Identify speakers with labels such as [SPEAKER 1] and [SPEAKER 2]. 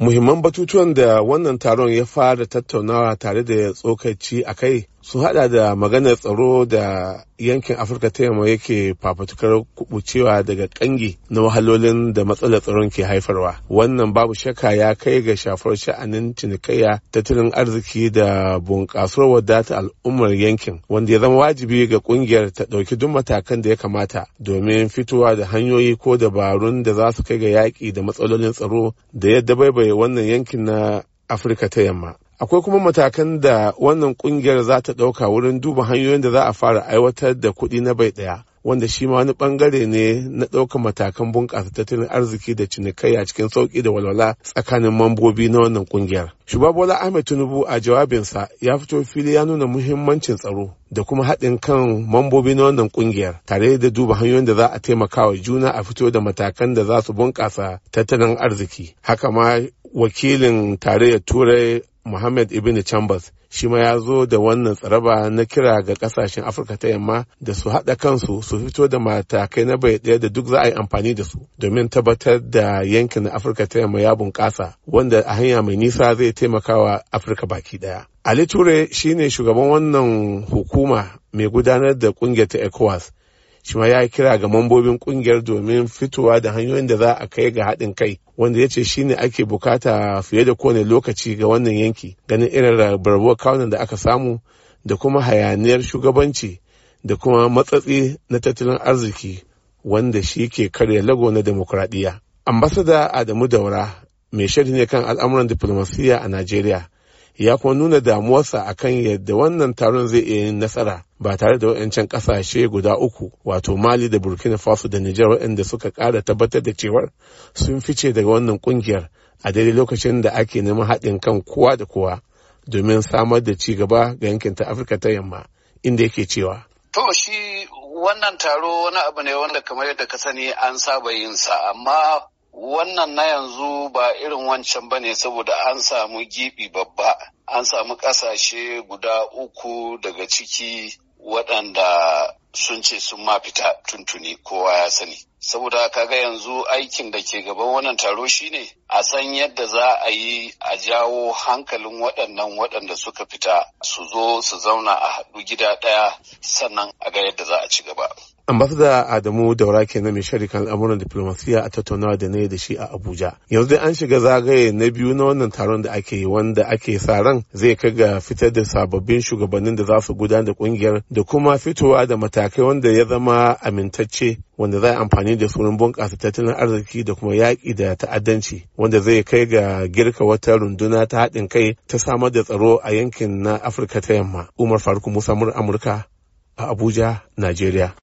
[SPEAKER 1] muhimman batutuwan da wannan taron ya fara tattaunawa tare da tsokaci a kai su hada da maganar tsaro da yankin afirka ta yamma yake fafatukar kubucewa daga kangi na wahalolin da matsalar tsaron ke haifarwa wannan babu shakka ya kai ga shafar sha'anin cinikayya tattalin arziki da bunƙasar wadata al'ummar yankin wanda ya zama wajibi ga kungiyar ta ɗauki duk matakan da ya kamata domin fitowa da hanyoyi ko dabarun da za su kai ga yaƙi da matsalolin tsaro da ya dabaibaye wannan yankin na afirka ta yamma akwai kuma matakan da wannan kungiyar za ta ɗauka wurin duba hanyoyin da za a fara aiwatar da kuɗi na bai ɗaya wanda shi ma wani bangare ne na ɗaukar matakan bunƙasa tattalin arziki da cinikayya cikin sauƙi da walwala tsakanin mambobi na wannan ƙungiyar. Shubabola Ahmed Tinubu a jawabinsa ya fito fili ya nuna muhimmancin tsaro da kuma haɗin kan mambobi na wannan ƙungiyar tare da duba hanyoyin da za a taimaka wa juna a fito da matakan da za su bunƙasa tattalin arziki. Haka ma wakilin tarayyar turai Muhammad Ibn Chambers shi ma ya zo da wannan tsaraba na kira ga kasashen Afirka ta yamma da su haɗa kansu su fito da matakai na bai ɗaya da duk za a yi amfani da su domin tabbatar da yankin Afirka ta yamma ya bunƙasa wanda a hanya mai nisa zai taimaka wa Afirka baki ɗaya. Ali Ture ne shugaban wannan hukuma mai gudanar da ƙungiyar ta ECOWAS shi ma ya kira ga mambobin kungiyar domin fitowa da hanyoyin da za a kai ga haɗin kai wanda ya ce shine ake bukata fiye da kowane lokaci ga wannan yanki ganin irin rabarbar kawunan da aka samu da kuma hayaniyar shugabanci da kuma matsatsi na tattalin arziki wanda shi ke karya lago na demokuraɗiyya. ambasada adamu daura mai sharhi ne kan al'amuran diflomasiyya a najeriya ya kuma nuna damuwarsa akan yadda wannan taron zai iya yin nasara ba tare da waɗancan kasashe guda uku wato mali da burkina faso da nijar waɗanda suka ƙara tabbatar da cewar sun fice daga wannan ƙungiyar a daidai lokacin da ake neman haɗin kan kowa da kowa domin samar da ci gaba ga yankin ta afirka ta yamma inda yake cewa
[SPEAKER 2] to shi wannan taro wani abu ne wanda kamar yadda ka sani an saba yin sa amma wannan na yanzu ba irin wancan ba ne saboda an samu gibi babba an samu ƙasashe guda uku daga ciki waɗanda sun ce sun ma fita tuntuni kowa ya sani. Saboda kaga yanzu aikin da ke gaban wannan taro shine a san yadda za a yi a jawo hankalin waɗannan waɗanda suka fita su zo su zauna a haɗu gida ɗaya sannan
[SPEAKER 1] a ga yadda za a ci gaba. ambasada adamu daura kenan mai sharikan al'amuran diplomasiya a tattaunawa da na da shi a abuja yanzu dai an shiga zagaye na biyu na wannan taron da ake yi wanda ake sa ran zai kai ga fitar da sababbin shugabannin da za su gudanar da kungiyar da kuma fitowa da matakai wanda ya zama amintacce wanda za a amfani da sunan bunƙasa tattalin arziki da kuma yaƙi da ta'addanci wanda zai kai ga girka wata runduna ta haɗin kai ta samar da tsaro a yankin na afirka ta yamma umar faruk musamman amurka a abuja najeriya